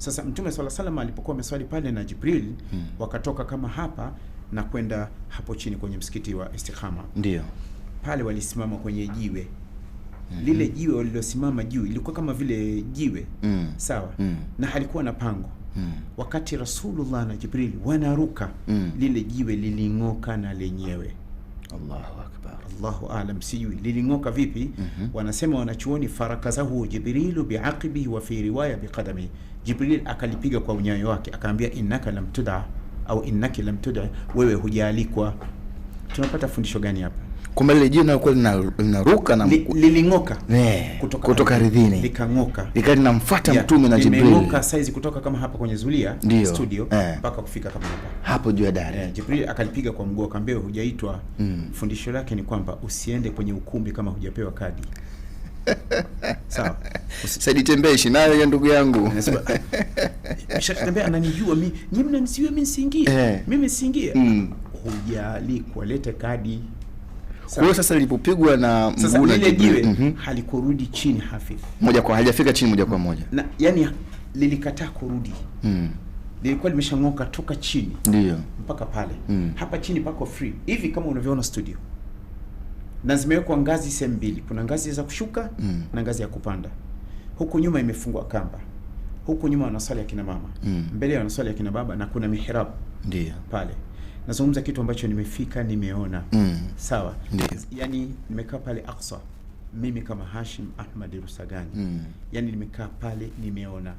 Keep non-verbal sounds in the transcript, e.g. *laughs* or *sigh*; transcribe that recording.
Sasa Mtume swalla salam alipokuwa ameswali pale na Jibril hmm. wakatoka kama hapa na kwenda hapo chini kwenye msikiti wa Istikhama, ndio pale walisimama kwenye jiwe mm -hmm. lile jiwe walilosimama juu ilikuwa kama vile jiwe mm -hmm. sawa mm -hmm. na halikuwa na pango Hmm. Wakati Rasulullah na Jibril wanaruka hmm. lile jiwe liling'oka na lenyewe. Allahu akbar. Allahu alam, sijui liling'oka vipi. mm -hmm. Wanasema wanachuoni farakazahu Jibrilu biaqibihi wa fi riwaya biqadamihi, Jibril akalipiga kwa unyayo wake, akaambia innaka lam tud'a au innaki lam tud'a, wewe hujaalikwa. Tunapata fundisho gani hapa? Kumbe lile jina lilikuwa linaruka na lilingoka kutoka, kutoka ardhini likangoka likawa linamfuata mtume na Jibril limeruka size kutoka kama hapa kwenye zulia Dio, studio eh. mpaka kufika kama hapa hapo juu ya dari yeah, Jibril akalipiga kwa mguu akamwambia, hujaitwa mm. Fundisho lake ni kwamba usiende kwenye ukumbi kama hujapewa kadi *laughs* Sawa. Usitembeshi nayo ya ndugu yangu. Nishatembea ah, ananijua mimi, nyinyi mnanisiwe mimi eh. siingie. Mimi siingie. Hujalikwa lete kadi. Kwa hiyo sasa lilipopigwa na mguu na jiwe mm -hmm. halikurudi chini Hafidh, moja kwa halijafika chini moja kwa moja na, yani lilikataa kurudi mm. lilikuwa limeshang'oka toka chini ndio mpaka pale mm. hapa chini pako free hivi kama unavyoona studio, na zimewekwa ngazi sehemu mbili, kuna ngazi za kushuka mm. na ngazi ya kupanda. Huku nyuma imefungwa kamba, huku nyuma wanaswali ya kina mama mm. mbele wanaswali ya kina baba, na kuna mihirabu ndio pale nazungumza kitu ambacho nimefika, nimeona mm. Sawa, yani nimekaa pale Aqsa mimi kama Hashim Ahmad Rusagani mm. yani nimekaa pale nimeona